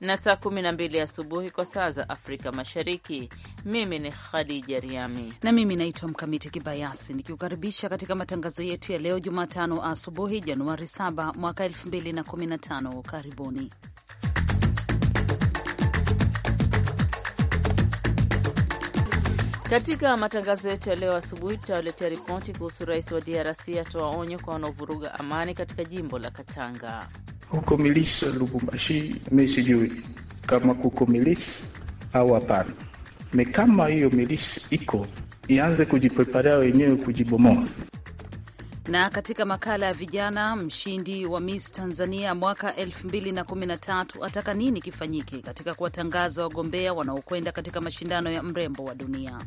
na saa 12 asubuhi kwa saa za Afrika Mashariki. Mimi ni Khadija Riami na mimi naitwa Mkamiti Kibayasi nikiukaribisha katika matangazo yetu ya leo Jumatano asubuhi, Januari 7 mwaka 2015. Karibuni. Katika matangazo yetu ya leo asubuhi tutawaletea ripoti kuhusu rais wa DRC atoa onyo kwa wanaovuruga amani katika jimbo la Katanga huko milisa Lubumbashi, mi sijui kama kuko milisi au hapana. Ni kama hiyo milisi iko ianze kujipreparea wenyewe kujibomoa. Na katika makala ya vijana, mshindi wa Miss Tanzania mwaka 2013 ataka nini kifanyike katika kuwatangaza wagombea wanaokwenda katika mashindano ya mrembo wa dunia?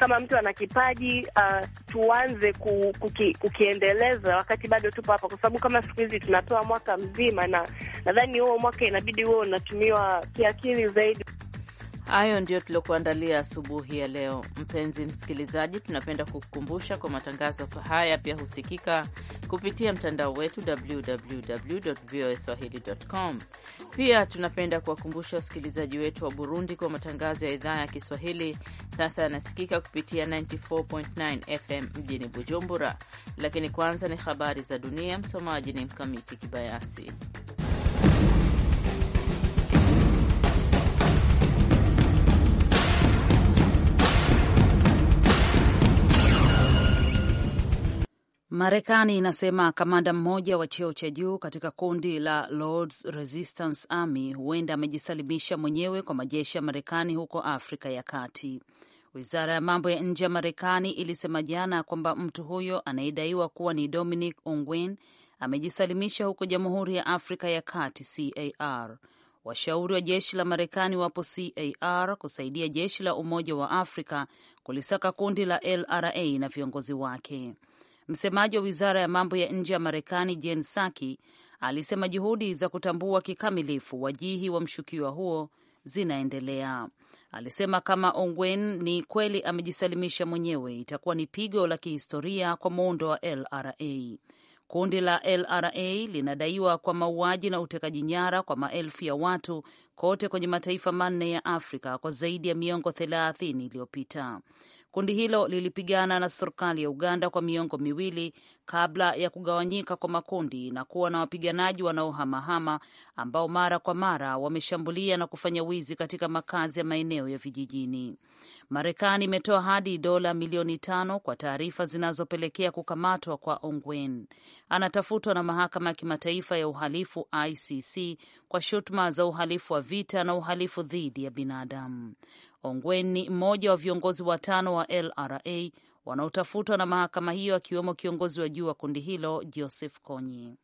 kama mtu ana kipaji uh, tuanze ku, kuki, kukiendeleza wakati bado tupo hapa, kwa sababu kama siku hizi tunatoa mwaka mzima, na nadhani huo mwaka inabidi huo unatumiwa kiakili zaidi. Hayo ndiyo tuliokuandalia asubuhi ya leo. Mpenzi msikilizaji, tunapenda kukukumbusha kwa matangazo haya pia husikika kupitia mtandao wetu www voa swahili com. Pia tunapenda kuwakumbusha wasikilizaji wetu wa Burundi kwa matangazo ya idhaa ya Kiswahili sasa yanasikika kupitia 94.9 FM mjini Bujumbura. Lakini kwanza ni habari za dunia, msomaji ni Mkamiti Kibayasi. Marekani inasema kamanda mmoja wa cheo cha juu katika kundi la Lords Resistance Army huenda amejisalimisha mwenyewe kwa majeshi ya Marekani huko Afrika ya Kati. Wizara ya mambo ya nje ya Marekani ilisema jana kwamba mtu huyo anayedaiwa kuwa ni Dominic Ongwen amejisalimisha huko Jamhuri ya Afrika ya Kati, CAR. Washauri wa jeshi la Marekani wapo CAR kusaidia jeshi la Umoja wa Afrika kulisaka kundi la LRA na viongozi wake. Msemaji wa wizara ya mambo ya nje ya Marekani Jen Psaki alisema juhudi za kutambua kikamilifu wajihi wa mshukiwa huo zinaendelea. Alisema kama Ongwen ni kweli amejisalimisha mwenyewe, itakuwa ni pigo la kihistoria kwa muundo wa LRA. Kundi la LRA linadaiwa kwa mauaji na utekaji nyara kwa maelfu ya watu kote kwenye mataifa manne ya Afrika kwa zaidi ya miongo 30 iliyopita. Kundi hilo lilipigana na serikali ya Uganda kwa miongo miwili kabla ya kugawanyika kwa makundi na kuwa na wapiganaji wanaohamahama ambao mara kwa mara wameshambulia na kufanya wizi katika makazi ya maeneo ya vijijini. Marekani imetoa hadi dola milioni tano kwa taarifa zinazopelekea kukamatwa kwa Ongwen. Anatafutwa na mahakama ya kimataifa ya uhalifu ICC kwa shutuma za uhalifu wa vita na uhalifu dhidi ya binadamu. Ongwen ni mmoja wa viongozi watano wa LRA wanaotafutwa na mahakama hiyo akiwemo kiongozi wa juu wa kundi hilo Joseph Kony.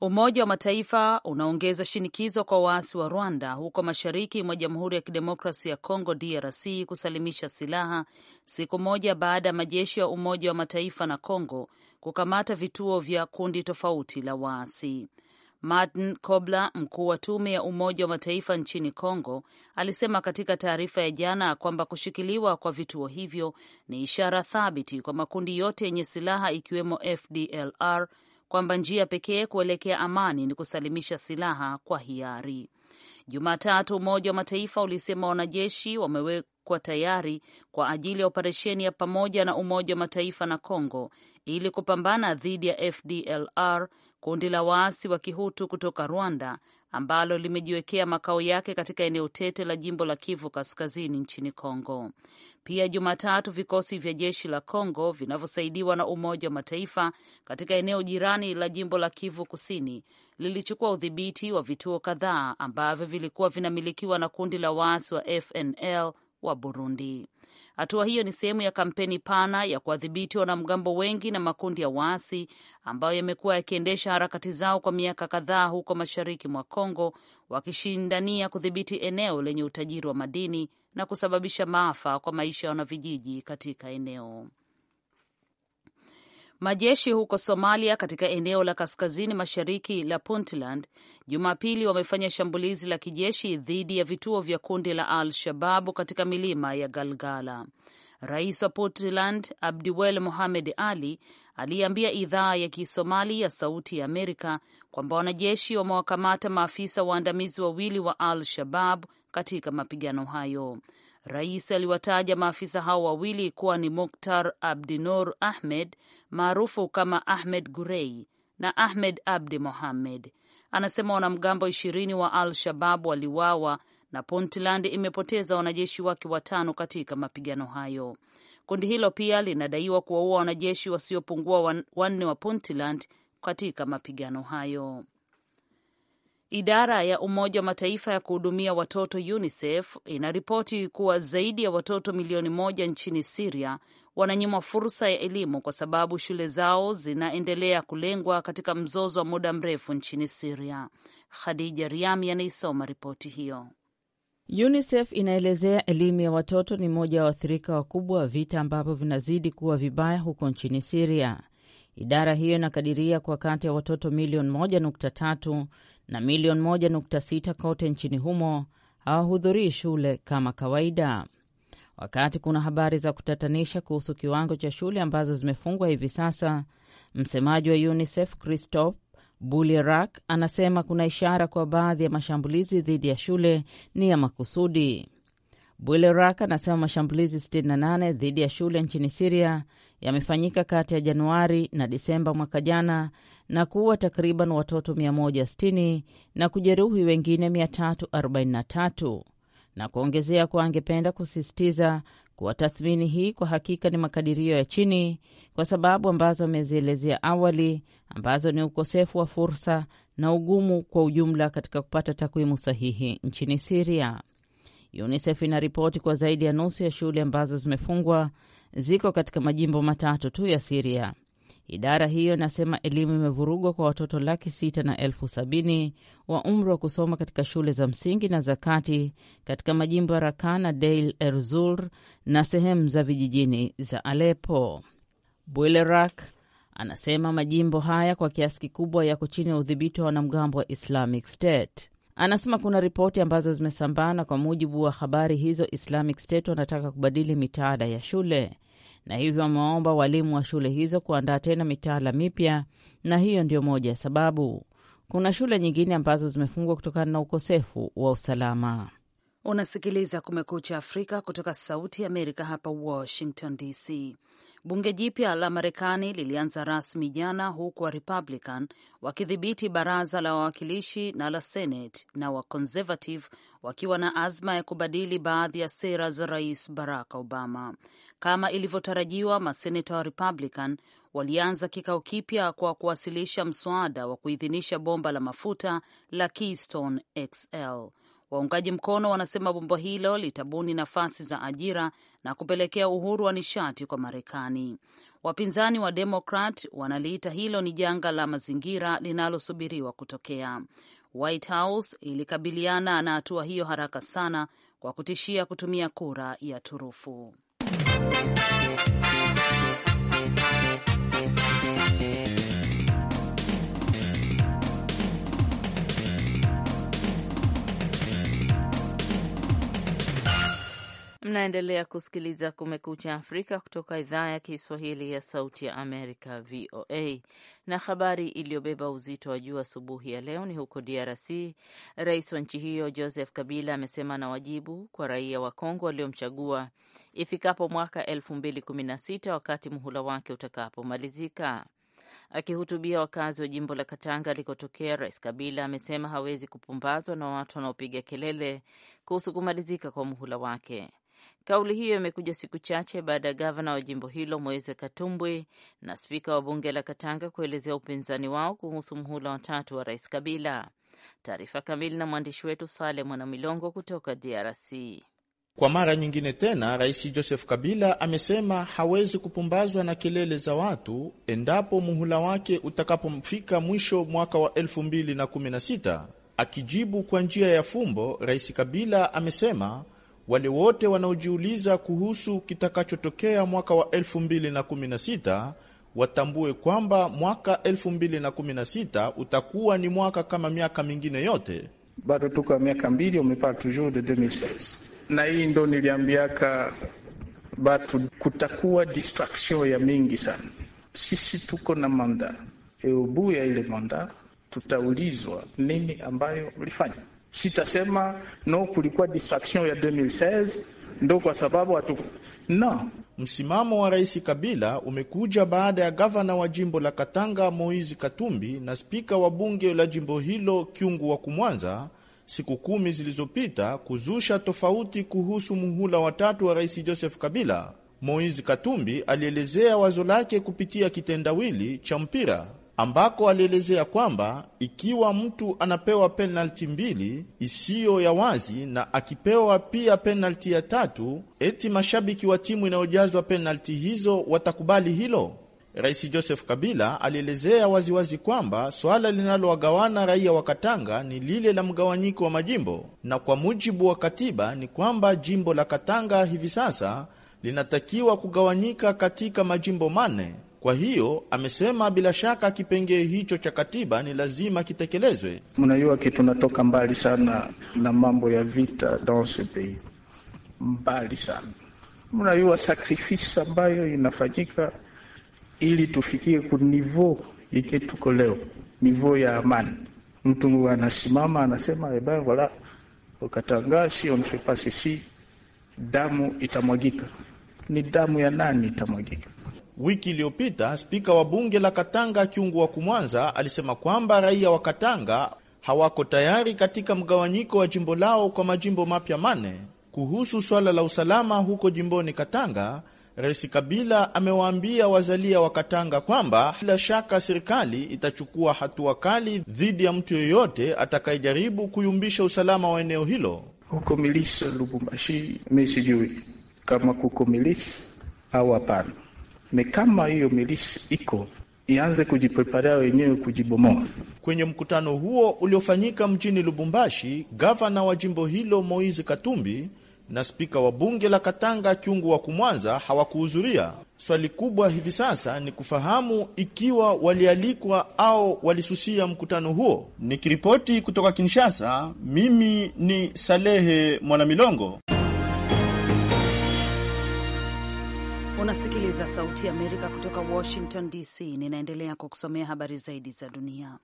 Umoja wa Mataifa unaongeza shinikizo kwa waasi wa Rwanda huko mashariki mwa Jamhuri ya kidemokrasi ya Kongo DRC kusalimisha silaha siku moja baada ya majeshi ya Umoja wa Mataifa na congo kukamata vituo vya kundi tofauti la waasi. Martin Kobler, mkuu wa tume ya Umoja wa Mataifa nchini congo alisema katika taarifa ya jana kwamba kushikiliwa kwa vituo hivyo ni ishara thabiti kwa makundi yote yenye silaha ikiwemo FDLR kwamba njia pekee kuelekea amani ni kusalimisha silaha kwa hiari. Jumatatu, Umoja wa Mataifa ulisema wanajeshi wamewekwa tayari kwa ajili ya operesheni ya pamoja na Umoja wa Mataifa na congo ili kupambana dhidi ya FDLR Kundi la waasi wa Kihutu kutoka Rwanda ambalo limejiwekea makao yake katika eneo tete la jimbo la Kivu Kaskazini nchini Kongo. Pia Jumatatu, vikosi vya jeshi la Kongo vinavyosaidiwa na Umoja wa Mataifa katika eneo jirani la jimbo la Kivu Kusini lilichukua udhibiti wa vituo kadhaa ambavyo vilikuwa vinamilikiwa na kundi la waasi wa FNL wa Burundi. Hatua hiyo ni sehemu ya kampeni pana ya kuwadhibiti wanamgambo wengi na makundi ya waasi ambayo yamekuwa yakiendesha harakati zao kwa miaka kadhaa huko mashariki mwa Kongo, wakishindania kudhibiti eneo lenye utajiri wa madini na kusababisha maafa kwa maisha ya wanavijiji katika eneo. Majeshi huko Somalia katika eneo la kaskazini mashariki la Puntland Jumapili wamefanya shambulizi la kijeshi dhidi ya vituo vya kundi la Al-Shababu katika milima ya Galgala. Rais wa Puntland Abdiwel Mohamed Ali aliambia idhaa ya Kisomali ya Sauti ya Amerika kwamba wanajeshi wamewakamata maafisa waandamizi wawili wa Al-Shabab katika mapigano hayo. Rais aliwataja maafisa hao wawili kuwa ni Moktar Abdinur Ahmed maarufu kama Ahmed Gurei na Ahmed Abdi Mohamed. Anasema wanamgambo ishirini wa Al Shabab waliwawa na Puntland imepoteza wanajeshi wake watano katika mapigano hayo. Kundi hilo pia linadaiwa kuwaua wanajeshi wasiopungua wanne wa Puntland katika mapigano hayo. Idara ya Umoja wa Mataifa ya kuhudumia watoto UNICEF inaripoti kuwa zaidi ya watoto milioni moja nchini Siria wananyimwa fursa ya elimu kwa sababu shule zao zinaendelea kulengwa katika mzozo wa muda mrefu nchini Siria. Khadija Riami anaisoma ripoti hiyo. UNICEF inaelezea elimu ya watoto ni mmoja ya waathirika wakubwa wa vita ambavyo vinazidi kuwa vibaya huko nchini Siria. Idara hiyo inakadiria kwa kati ya watoto milioni 1.3 na milioni sita kote nchini humo hawahudhurii shule kama kawaida. Wakati kuna habari za kutatanisha kuhusu kiwango cha shule ambazo zimefungwa hivi sasa, msemaji wa UNICEF Christophe Bulierak anasema kuna ishara kwa baadhi ya mashambulizi dhidi ya shule ni ya makusudi. bulerak anasema mashambulizi 68 dhidi ya shule nchini Siria yamefanyika kati ya Januari na Disemba mwaka jana na kuua takriban watoto 160 na kujeruhi wengine 343 na kuongezea kuwa angependa kusisitiza kuwa tathmini hii kwa hakika ni makadirio ya chini kwa sababu ambazo amezielezea awali ambazo ni ukosefu wa fursa na ugumu kwa ujumla katika kupata takwimu sahihi nchini Siria. UNICEF inaripoti kwa zaidi ya nusu ya shule ambazo zimefungwa ziko katika majimbo matatu tu ya Siria. Idara hiyo inasema elimu imevurugwa kwa watoto laki sita na elfu sabini wa umri wa kusoma katika shule za msingi na za kati katika majimbo ya rakana na Deir na sehemu za vijijini za Alepo. Bwilerak anasema majimbo haya kwa kiasi kikubwa yako chini ya udhibiti wa wanamgambo wa Islamic State. Anasema kuna ripoti ambazo zimesambana. Kwa mujibu wa habari hizo, Islamic State wanataka kubadili mitaala ya shule na hivyo wamewaomba walimu wa shule hizo kuandaa tena mitaala mipya, na hiyo ndio moja ya sababu. Kuna shule nyingine ambazo zimefungwa kutokana na ukosefu wa usalama. Unasikiliza Kumekucha Afrika kutoka Sauti ya Amerika hapa Washington DC. Bunge jipya la Marekani lilianza rasmi jana, huku wa Republican wakidhibiti baraza la wawakilishi na la Senate na wa Conservative wakiwa na azma ya kubadili baadhi ya sera za Rais Barack Obama. Kama ilivyotarajiwa, maseneta wa Republican walianza kikao kipya kwa kuwasilisha mswada wa kuidhinisha bomba la mafuta la Keystone XL. Waungaji mkono wanasema bomba hilo litabuni nafasi za ajira na kupelekea uhuru wa nishati kwa Marekani. Wapinzani wa Demokrat wanaliita hilo ni janga la mazingira linalosubiriwa kutokea. White House ilikabiliana na hatua hiyo haraka sana kwa kutishia kutumia kura ya turufu. Mnaendelea kusikiliza Kumekucha Afrika kutoka idhaa ya Kiswahili ya Sauti ya Amerika, VOA. Na habari iliyobeba uzito wa juu asubuhi ya leo ni huko DRC. Rais wa nchi hiyo Joseph Kabila amesema na wajibu kwa raia wa Kongo waliomchagua ifikapo mwaka elfu mbili kumi na sita wakati muhula wake utakapomalizika. Akihutubia wakazi wa jimbo la Katanga alikotokea, Rais Kabila amesema hawezi kupumbazwa na watu wanaopiga kelele kuhusu kumalizika kwa muhula wake. Kauli hiyo imekuja siku chache baada ya gavana wa jimbo hilo Moise Katumbwi na spika wa bunge la Katanga kuelezea upinzani wao kuhusu mhula watatu wa rais Kabila. Taarifa kamili na mwandishi wetu Sale Mwanamilongo kutoka DRC. Kwa mara nyingine tena, Rais Joseph Kabila amesema hawezi kupumbazwa na kelele za watu endapo muhula wake utakapofika mwisho mwaka wa 2016. Akijibu kwa njia ya fumbo, Rais Kabila amesema wale wote wanaojiuliza kuhusu kitakachotokea mwaka wa 2016 watambue kwamba mwaka 2016 utakuwa ni mwaka kama miaka mingine yote. Bado tuko miaka mbili umepaa toujours de 2016 na hii ndo niliambiaka batu, kutakuwa distraction ya mingi sana. Sisi tuko na manda eubu ya ile manda tutaulizwa nini ambayo ulifanya Sitasema no, kulikuwa distraction ya 2016 ndo kwa sababu hatu no. Msimamo wa Rais Kabila umekuja baada ya gavana wa jimbo la Katanga Moizi Katumbi na spika wa bunge la jimbo hilo Kyungu wa Kumwanza siku kumi zilizopita kuzusha tofauti kuhusu muhula watatu wa Rais Joseph Kabila. Moizi Katumbi alielezea wazo lake kupitia kitendawili cha mpira ambako alielezea kwamba ikiwa mtu anapewa penalti mbili isiyo ya wazi na akipewa pia penalti ya tatu, eti mashabiki wa timu inayojazwa penalti hizo watakubali hilo? Rais Joseph Kabila alielezea waziwazi kwamba swala linalowagawana raia wa Katanga ni lile la mgawanyiko wa majimbo, na kwa mujibu wa katiba ni kwamba jimbo la Katanga hivi sasa linatakiwa kugawanyika katika majimbo manne kwa hiyo amesema bila shaka kipengee hicho cha katiba ni lazima kitekelezwe. Mnajua kitu tunatoka mbali sana na mambo ya vita dans ce pays, mbali sana. Mnajua sakrifisi ambayo inafanyika ili tufikie ku nivo ike tuko leo, nivo ya amani. Mtu anasimama anasema eba eh, vola ukatangaa si on fait pas damu itamwagika. Ni damu ya nani itamwagika? Wiki iliyopita spika wa bunge la Katanga Kyungu wa Kumwanza alisema kwamba raia wa Katanga hawako tayari katika mgawanyiko wa jimbo lao kwa majimbo mapya mane. Kuhusu swala la usalama huko jimboni Katanga, Rais Kabila amewaambia wazalia wa Katanga kwamba bila shaka serikali itachukua hatua kali dhidi ya mtu yoyote atakayejaribu kuyumbisha usalama wa eneo hilo. Huko milisi Lubumbashi, mi sijui kama kuko milisi au hapana ni kama hiyo milisi iko ianze kujipreparea wenyewe kujibomoa. Kwenye mkutano huo uliofanyika mjini Lubumbashi, gavana wa jimbo hilo Moizi Katumbi na spika wa bunge la Katanga Kyungu wa Kumwanza hawakuhudhuria. Swali kubwa hivi sasa ni kufahamu ikiwa walialikwa au walisusia mkutano huo. Nikiripoti kutoka Kinshasa, mimi ni Salehe Mwanamilongo. Unasikiliza Sauti ya Amerika kutoka Washington DC. Ninaendelea kukusomea habari zaidi za dunia.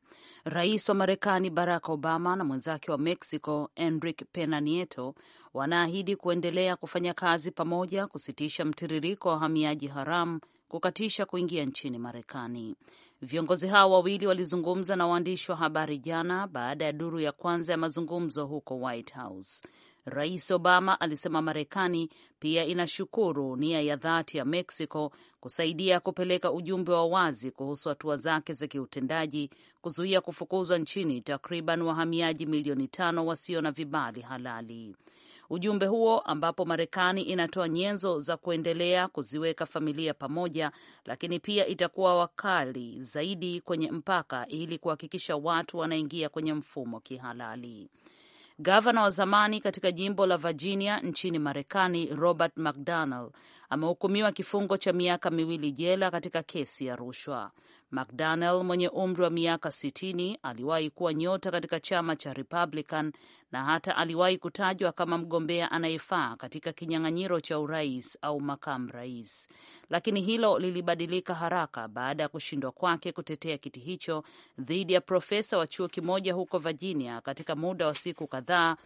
Rais wa Marekani Barack Obama na mwenzake wa Mexico Enrique Pena Nieto wanaahidi kuendelea kufanya kazi pamoja kusitisha mtiririko wa wahamiaji haramu kukatisha kuingia nchini Marekani. Viongozi hao wawili walizungumza na waandishi wa habari jana baada ya duru ya kwanza ya mazungumzo huko White House. Rais Obama alisema Marekani pia inashukuru nia ya dhati ya Mexico kusaidia kupeleka ujumbe wa wazi kuhusu hatua zake za kiutendaji kuzuia kufukuzwa nchini takriban wahamiaji milioni tano wasio na vibali halali. Ujumbe huo ambapo Marekani inatoa nyenzo za kuendelea kuziweka familia pamoja, lakini pia itakuwa wakali zaidi kwenye mpaka ili kuhakikisha watu wanaingia kwenye mfumo kihalali. Gavana wa zamani katika jimbo la Virginia nchini Marekani, Robert McDonnell amehukumiwa kifungo cha miaka miwili jela katika kesi ya rushwa. mcdonel mwenye umri wa miaka 60 aliwahi kuwa nyota katika chama cha Republican na hata aliwahi kutajwa kama mgombea anayefaa katika kinyang'anyiro cha urais au makamu rais, lakini hilo lilibadilika haraka baada ya kushindwa kwake kutetea kiti hicho dhidi ya profesa wa chuo kimoja huko Virginia katika muda wa siku kadhaa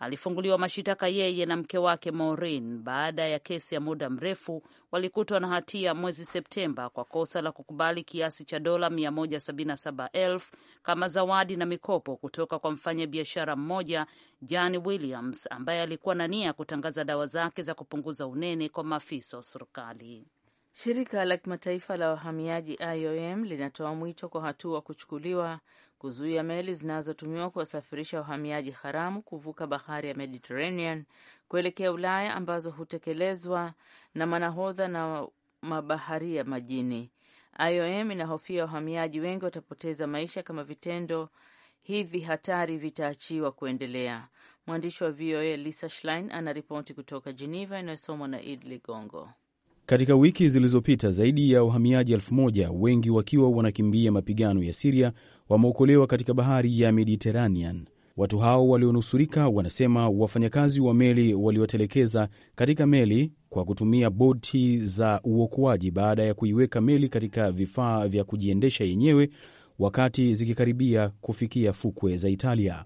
alifunguliwa mashitaka yeye na mke wake Maureen baada ya kesi ya muda mrefu. Walikutwa na hatia mwezi Septemba kwa kosa la kukubali kiasi cha dola 177,000 kama zawadi na mikopo kutoka kwa mfanyabiashara mmoja Jan Williams ambaye alikuwa na nia ya kutangaza dawa zake za kupunguza unene kwa maafisa wa serikali. Shirika la kimataifa la wahamiaji IOM linatoa mwito kwa hatua kuchukuliwa kuzuia meli zinazotumiwa kuwasafirisha wahamiaji haramu kuvuka bahari ya Mediterranean kuelekea Ulaya ambazo hutekelezwa na manahodha na mabaharia majini. IOM inahofia wahamiaji wengi watapoteza maisha kama vitendo hivi hatari vitaachiwa kuendelea. Mwandishi wa VOA Lisa Schlein anaripoti kutoka Geneva, inayosomwa na Id Ligongo. Katika wiki zilizopita zaidi ya wahamiaji elfu moja wengi wakiwa wanakimbia mapigano ya Siria wameokolewa katika bahari ya Mediteranean. Watu hao walionusurika wanasema wafanyakazi wa meli waliwatelekeza katika meli kwa kutumia boti za uokoaji baada ya kuiweka meli katika vifaa vya kujiendesha yenyewe wakati zikikaribia kufikia fukwe za Italia.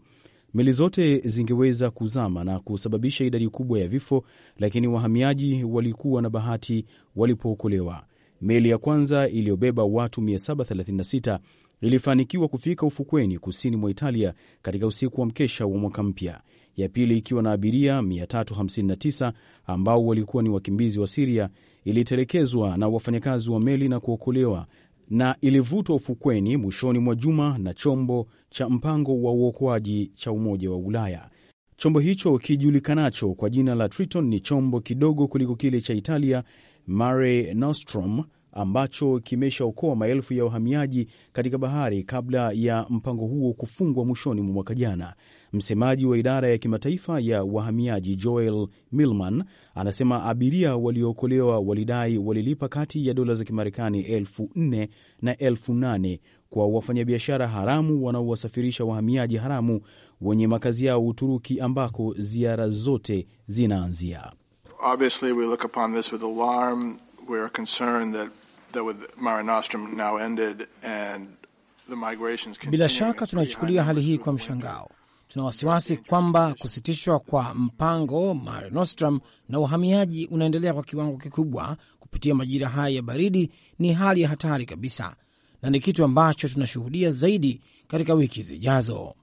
Meli zote zingeweza kuzama na kusababisha idadi kubwa ya vifo, lakini wahamiaji walikuwa na bahati walipookolewa. Meli ya kwanza iliyobeba watu 736 ilifanikiwa kufika ufukweni kusini mwa Italia katika usiku wa mkesha wa mwaka mpya, ya pili ikiwa na abiria 359 ambao walikuwa ni wakimbizi wa Siria, ilitelekezwa na wafanyakazi wa meli na kuokolewa na ilivutwa ufukweni mwishoni mwa juma na chombo cha mpango wa uokoaji cha Umoja wa Ulaya. Chombo hicho kijulikanacho kwa jina la Triton ni chombo kidogo kuliko kile cha Italia Mare Nostrum ambacho kimeshaokoa maelfu ya wahamiaji katika bahari kabla ya mpango huo kufungwa mwishoni mwa mwaka jana. Msemaji wa idara ya kimataifa ya wahamiaji Joel Milman anasema abiria waliookolewa walidai walilipa kati ya dola za Kimarekani elfu nne na elfu nane kwa wafanyabiashara haramu wanaowasafirisha wahamiaji haramu wenye makazi yao Uturuki, ambako ziara zote zinaanzia. Obviously we look upon this with alarm. We are concerned that that with Mare Nostrum now ended and the migrations continue. Bila shaka tunaichukulia hali hii kwa mshangao. Tuna wasiwasi kwamba kusitishwa kwa mpango Mare Nostrum na uhamiaji unaendelea kwa kiwango kikubwa kupitia majira haya ya baridi. Ni hali ya hatari kabisa, na ni kitu ambacho tunashuhudia zaidi katika wiki zijazo.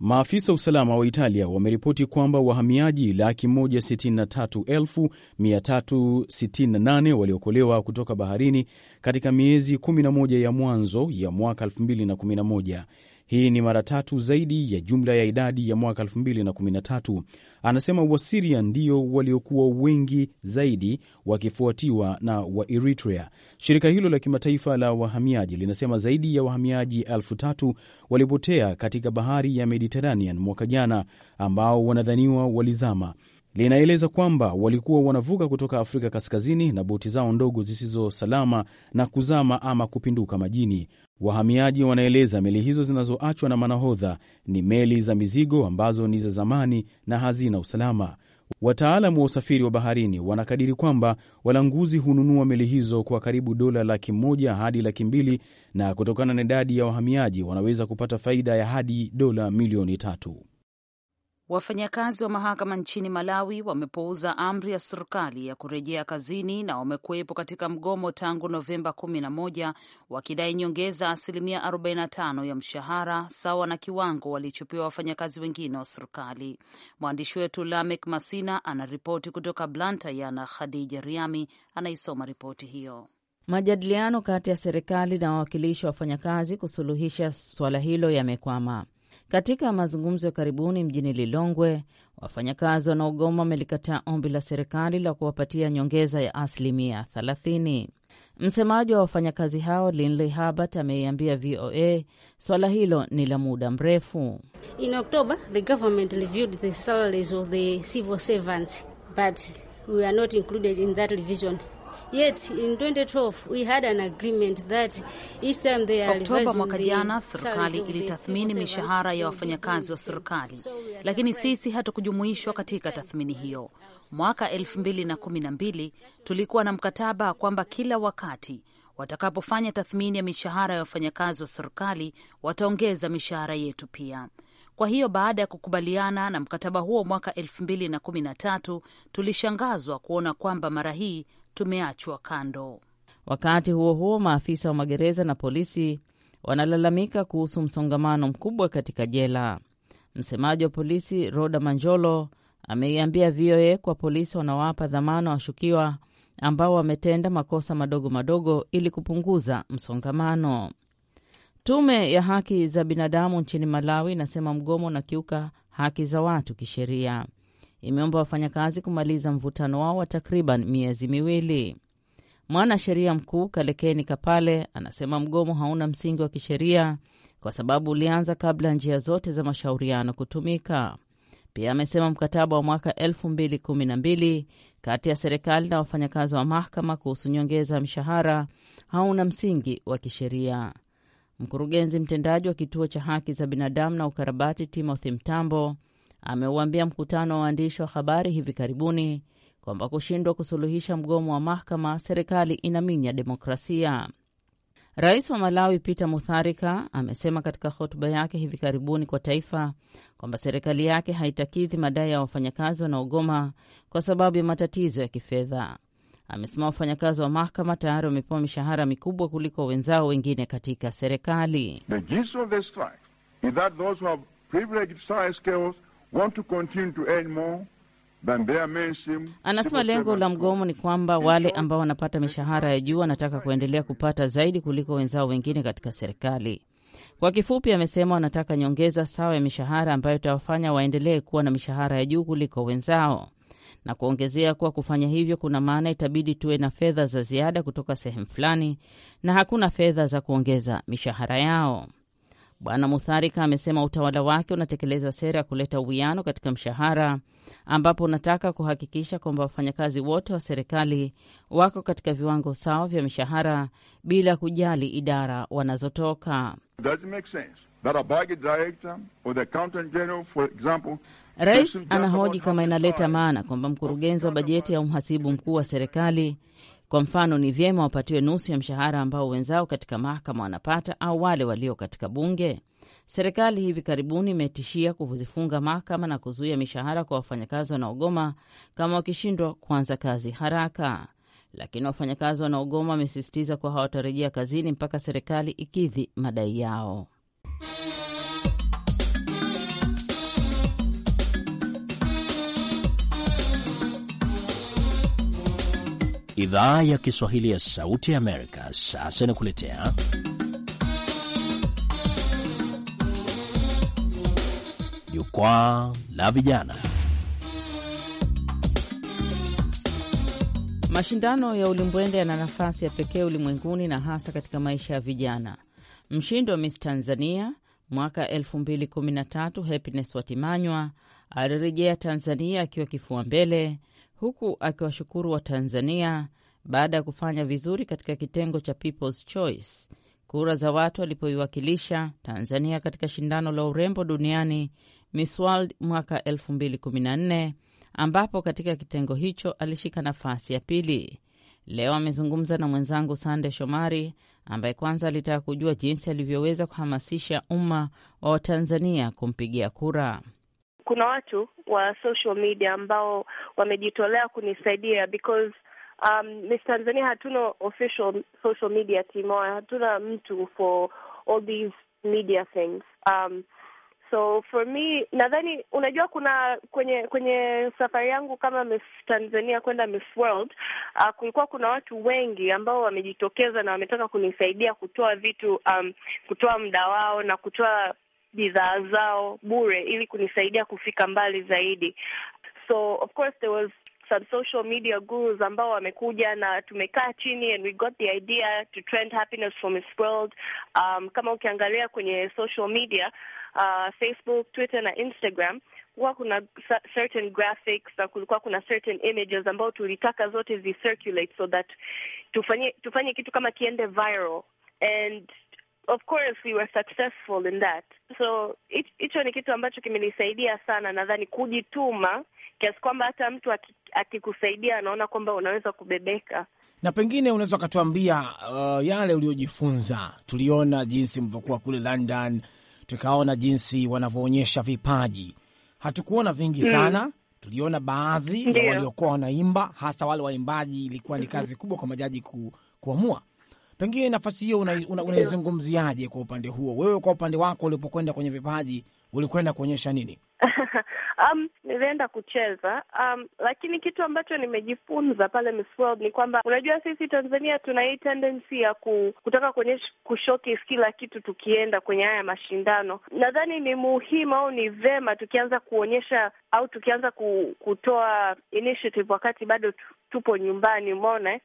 Maafisa usalama wa Italia wameripoti kwamba wahamiaji 163,368 waliokolewa kutoka baharini katika miezi 11 ya mwanzo ya mwaka 2011 hii ni mara tatu zaidi ya jumla ya idadi ya mwaka 2013. Anasema Wasiria ndio waliokuwa wengi zaidi wakifuatiwa na Waeritrea. Shirika hilo la kimataifa la wahamiaji linasema zaidi ya wahamiaji elfu tatu walipotea katika bahari ya Mediterranean mwaka jana, ambao wanadhaniwa walizama linaeleza kwamba walikuwa wanavuka kutoka Afrika Kaskazini na boti zao ndogo zisizo salama na kuzama ama kupinduka majini. Wahamiaji wanaeleza meli hizo zinazoachwa na manahodha ni meli za mizigo ambazo ni za zamani na hazina usalama. Wataalamu wa usafiri wa baharini wanakadiri kwamba walanguzi hununua meli hizo kwa karibu dola laki moja hadi laki mbili na kutokana na idadi ya wahamiaji wanaweza kupata faida ya hadi dola milioni tatu. Wafanyakazi wa mahakama nchini Malawi wamepouza amri ya serikali ya kurejea kazini na wamekuwepo katika mgomo tangu Novemba 11 wakidai nyongeza asilimia 45 ya mshahara sawa na kiwango walichopewa wafanyakazi wengine wa serikali. Mwandishi wetu Lamek Masina anaripoti kutoka blanta na Khadija Riami anaisoma ripoti hiyo. Majadiliano kati ya serikali na wawakilishi wa wafanyakazi kusuluhisha suala hilo yamekwama. Katika mazungumzo ya karibuni mjini Lilongwe, wafanyakazi wanaogoma wamelikataa ombi la serikali la kuwapatia nyongeza ya asilimia 30. Msemaji wa wafanyakazi hao Linley Habart ameiambia VOA swala hilo ni la muda mrefu. In October, the government reviewed the salaries of the civil servants, but we are not included in that revision. Yet in 2012 we had an agreement that each time they are Oktoba mwaka jana serikali ilitathmini mishahara ya wafanyakazi wa serikali, lakini sisi hatukujumuishwa katika tathmini hiyo. Mwaka 2012 tulikuwa na mkataba kwamba kila wakati watakapofanya tathmini ya mishahara ya wafanyakazi wa serikali wataongeza mishahara yetu pia. Kwa hiyo baada ya kukubaliana na mkataba huo mwaka 2013 tulishangazwa kuona kwamba mara hii tumeachwa kando. Wakati huo huo, maafisa wa magereza na polisi wanalalamika kuhusu msongamano mkubwa katika jela. Msemaji wa polisi Roda Manjolo ameiambia VOA kwa polisi wanawapa dhamana washukiwa ambao wametenda makosa madogo madogo ili kupunguza msongamano. Tume ya haki za binadamu nchini Malawi inasema mgomo unakiuka haki za watu kisheria imeomba wafanyakazi kumaliza mvutano wao wa takriban miezi miwili. Mwanasheria mkuu Kalekeni Kapale anasema mgomo hauna msingi wa kisheria kwa sababu ulianza kabla njia zote za mashauriano kutumika. Pia amesema mkataba wa mwaka 2012 kati ya serikali na wafanyakazi wa mahakama kuhusu nyongeza ya mshahara hauna msingi wa kisheria. Mkurugenzi mtendaji wa kituo cha haki za binadamu na ukarabati Timothy Mtambo ameuambia mkutano wa waandishi wa habari hivi karibuni kwamba kushindwa kusuluhisha mgomo wa mahakama, serikali inaminya demokrasia. Rais wa Malawi Peter Mutharika amesema katika hotuba yake hivi karibuni kwa taifa kwamba serikali yake haitakidhi madai ya wafanyakazi wanaogoma kwa sababu ya matatizo ya kifedha. Amesema wafanyakazi wa mahakama tayari wamepewa mishahara mikubwa kuliko wenzao wengine katika serikali. The want to continue to earn more than their mainstream. Anasema lengo la mgomo ni kwamba wale ambao wanapata mishahara ya juu wanataka kuendelea kupata zaidi kuliko wenzao wengine katika serikali. Kwa kifupi, amesema wanataka nyongeza sawa ya mishahara ambayo itawafanya waendelee kuwa na mishahara ya juu kuliko wenzao, na kuongezea kuwa kufanya hivyo kuna maana itabidi tuwe na fedha za ziada kutoka sehemu fulani, na hakuna fedha za kuongeza mishahara yao. Bwana Mutharika amesema utawala wake unatekeleza sera ya kuleta uwiano katika mshahara ambapo unataka kuhakikisha kwamba wafanyakazi wote wa serikali wako katika viwango sawa vya mishahara bila kujali idara wanazotoka. Rais anahoji kama inaleta maana kwamba mkurugenzi wa bajeti au mhasibu mkuu wa serikali kwa mfano, ni vyema wapatiwe nusu ya mshahara ambao wenzao katika mahakama wanapata au wale walio katika bunge? Serikali hivi karibuni imetishia kuzifunga mahakama na kuzuia mishahara kwa wafanyakazi wanaogoma kama wakishindwa kuanza kazi haraka. Lakini wafanyakazi wanaogoma wamesisitiza kuwa hawatarejea kazini mpaka serikali ikidhi madai yao. Idhaa ya Kiswahili ya Sauti ya Amerika sasa inakuletea Jukwaa la Vijana. Mashindano ya ulimbwende yana nafasi ya pekee ulimwenguni na hasa katika maisha ya vijana. Mshindi wa Miss Tanzania mwaka 2013 Happiness Watimanywa alirejea Tanzania akiwa kifua mbele huku akiwashukuru Watanzania baada ya kufanya vizuri katika kitengo cha People's Choice, kura za watu alipoiwakilisha Tanzania katika shindano la urembo duniani Miss World mwaka 2014 ambapo katika kitengo hicho alishika nafasi ya pili. Leo amezungumza na mwenzangu Sande Shomari ambaye kwanza alitaka kujua jinsi alivyoweza kuhamasisha umma wa Watanzania kumpigia kura kuna watu wa social media ambao wamejitolea kunisaidia because um, Miss Tanzania hatuna official social media team, hatuna mtu for all these media things um, so for me nadhani unajua kuna kwenye kwenye safari yangu kama Miss Tanzania kwenda Miss World uh, kulikuwa kuna watu wengi ambao wamejitokeza na wametaka kunisaidia kutoa vitu um, kutoa muda wao na kutoa bidhaa zao bure ili kunisaidia kufika mbali zaidi. So of course there was some social media gurus ambao wamekuja na tumekaa chini and we got the idea to trend happiness for Miss World. Um, kama ukiangalia kwenye social media uh, Facebook, Twitter na Instagram kulikuwa kuna certain graphics na kulikuwa kuna certain images ambao tulitaka zote zicirculate so that tufanye tufanye kitu kama kiende viral and of course we were successful in that, so hicho ni kitu ambacho kimenisaidia sana, nadhani kujituma kiasi kwamba hata mtu akikusaidia anaona kwamba unaweza kubebeka. Na pengine unaweza ukatuambia uh, yale uliojifunza. Tuliona jinsi mlivyokuwa kule London, tukaona jinsi wanavyoonyesha vipaji. Hatukuona vingi mm. sana mm. Tuliona baadhi ya waliokuwa wanaimba, hasa wale waimbaji, ilikuwa ni kazi kubwa kwa majaji ku, kuamua Pengine nafasi hiyo unaizungumziaje? Una, una kwa upande huo wewe, kwa upande wako ulipokwenda kwenye vipaji ulikwenda kuonyesha nini? Um, nilienda kucheza um, lakini kitu ambacho nimejifunza pale Miss World ni kwamba unajua, sisi Tanzania tuna hii tendency ya ku, kutaka kuonyesha kushowcase kila kitu tukienda kwenye haya mashindano. Nadhani ni muhimu au ni vema tukianza kuonyesha au tukianza ku, kutoa initiative wakati bado tupo nyumbani, umeona eh?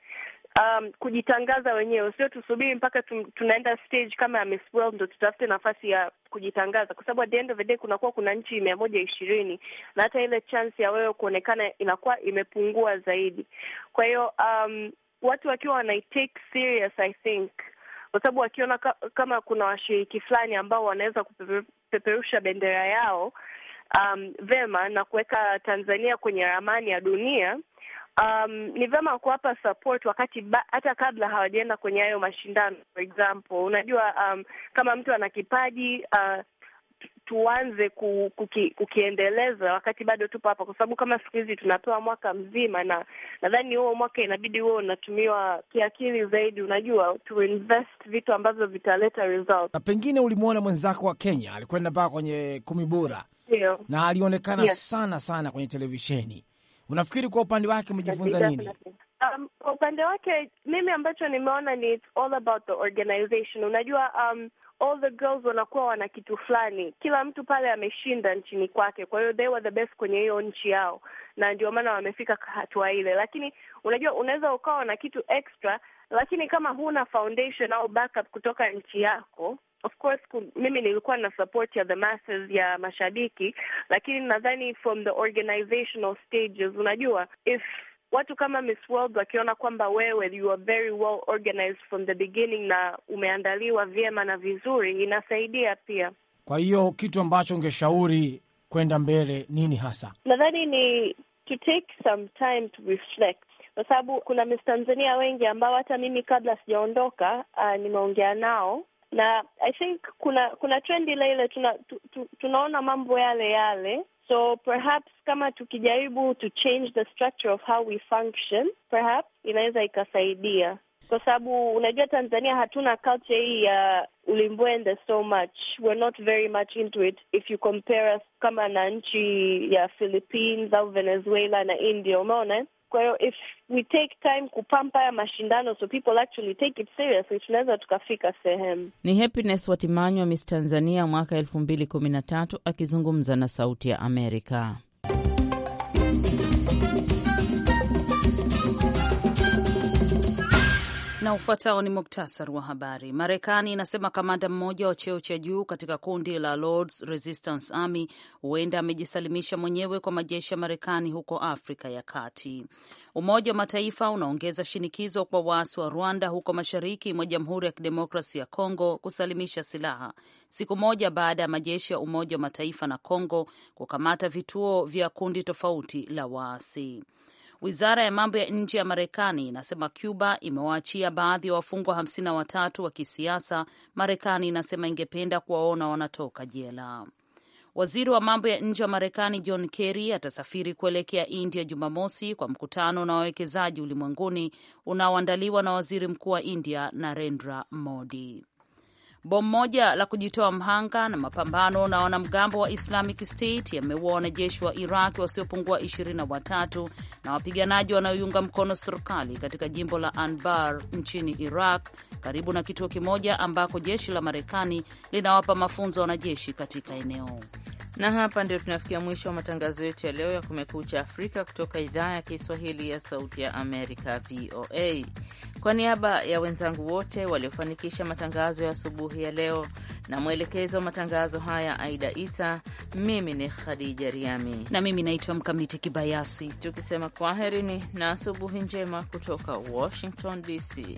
um, kujitangaza wenyewe, sio tusubiri mpaka tum, tunaenda stage kama ya Miss World ndo tutafute nafasi ya kujitangaza, kwa sababu at the end of the day kunakuwa kuna nchi mia moja ishirini na hata ile chance ya wewe kuonekana inakuwa imepungua zaidi. Kwa hiyo um, watu wakiwa wanaitake serious I think kwa sababu wakiona ka, kama kuna washiriki fulani ambao wanaweza kupeperusha bendera yao um, vema na kuweka Tanzania kwenye ramani ya dunia um, ni vyema kuwapa support wakati ba, hata kabla hawajaenda kwenye hayo mashindano. For example, unajua um, kama mtu ana kipaji uh, tuanze ku, kuki, kukiendeleza wakati bado tupo hapa, kwa sababu kama siku hizi tunapewa mwaka mzima, na nadhani huo mwaka inabidi huo unatumiwa kiakili zaidi, unajua to invest vitu ambavyo vitaleta result. Na pengine ulimwona mwenzako wa Kenya alikwenda mpaka kwenye kumi bora, yeah, na alionekana yes, sana sana kwenye televisheni Unafikiri kwa upande wake umejifunza nini? Um, kwa upande wake mimi ambacho nimeona ni it's all about the organization. Unajua, um, all the girls wanakuwa wana kitu fulani, kila mtu pale ameshinda nchini kwake, kwa hiyo they were the best kwenye hiyo nchi yao, na ndio maana wamefika hatua ile. Lakini unajua, unaweza ukawa na kitu extra, lakini kama huna foundation au backup kutoka nchi yako of course mimi nilikuwa na support ya the masses ya mashabiki, lakini nadhani from the organizational stages, unajua if watu kama Miss World wakiona kwamba wewe you are very well organized from the beginning na umeandaliwa vyema na vizuri, inasaidia pia. Kwa hiyo kitu ambacho ungeshauri kwenda mbele nini hasa? Nadhani ni to take some time to reflect kwa sababu kuna Miss Tanzania wengi ambao hata mimi kabla sijaondoka, uh, nimeongea nao na I think kuna kuna trend ile ile tuna, tu, tu, tunaona mambo yale yale so perhaps kama tukijaribu to change the structure of how we function perhaps inaweza ikasaidia kwa sababu unajua Tanzania hatuna culture hii ya uh, ulimbwende so much we're not very much into it if you compare us kama na nchi ya Philippines au Venezuela na India, umeona kwa hiyo if we take time kupampa haya mashindano so people actually take it seriously, tunaweza tukafika sehemu. Ni Happiness Watimanywa, Miss Tanzania mwaka elfu mbili kumi na tatu akizungumza na Sauti ya Amerika. Na ufuatao ni muktasari wa habari. Marekani inasema kamanda mmoja wa cheo cha juu katika kundi la Lords Resistance Army huenda amejisalimisha mwenyewe kwa majeshi ya Marekani huko Afrika ya Kati. Umoja wa Mataifa unaongeza shinikizo kwa waasi wa Rwanda huko mashariki mwa Jamhuri ya Kidemokrasi ya Kongo kusalimisha silaha siku moja baada ya majeshi ya Umoja wa Mataifa na Kongo kukamata vituo vya kundi tofauti la waasi. Wizara ya mambo ya nje ya Marekani inasema Cuba imewaachia baadhi ya wa wafungwa hamsini na watatu wa kisiasa. Marekani inasema ingependa kuwaona wanatoka jela. Waziri wa mambo ya nje wa Marekani John Kerry atasafiri kuelekea India Jumamosi kwa mkutano na wawekezaji ulimwenguni unaoandaliwa na waziri mkuu wa India Narendra Modi. Bomu moja la kujitoa mhanga na mapambano na wanamgambo wa Islamic State yameua wanajeshi wa Iraq wasiopungua ishirini na watatu na wapiganaji wanaoiunga mkono serikali katika jimbo la Anbar nchini Iraq, karibu na kituo kimoja ambako jeshi la Marekani linawapa mafunzo wanajeshi katika eneo. Na hapa ndio tunafikia mwisho wa matangazo yetu ya leo ya Kumekucha Afrika kutoka idhaa ya Kiswahili ya Sauti ya Amerika, VOA. Kwa niaba ya wenzangu wote waliofanikisha matangazo ya asubuhi ya leo na mwelekezo wa matangazo haya Aida Isa, mimi ni Khadija Riami na mimi naitwa Mkamiti Kibayasi, tukisema kwaherini na asubuhi njema kutoka Washington DC.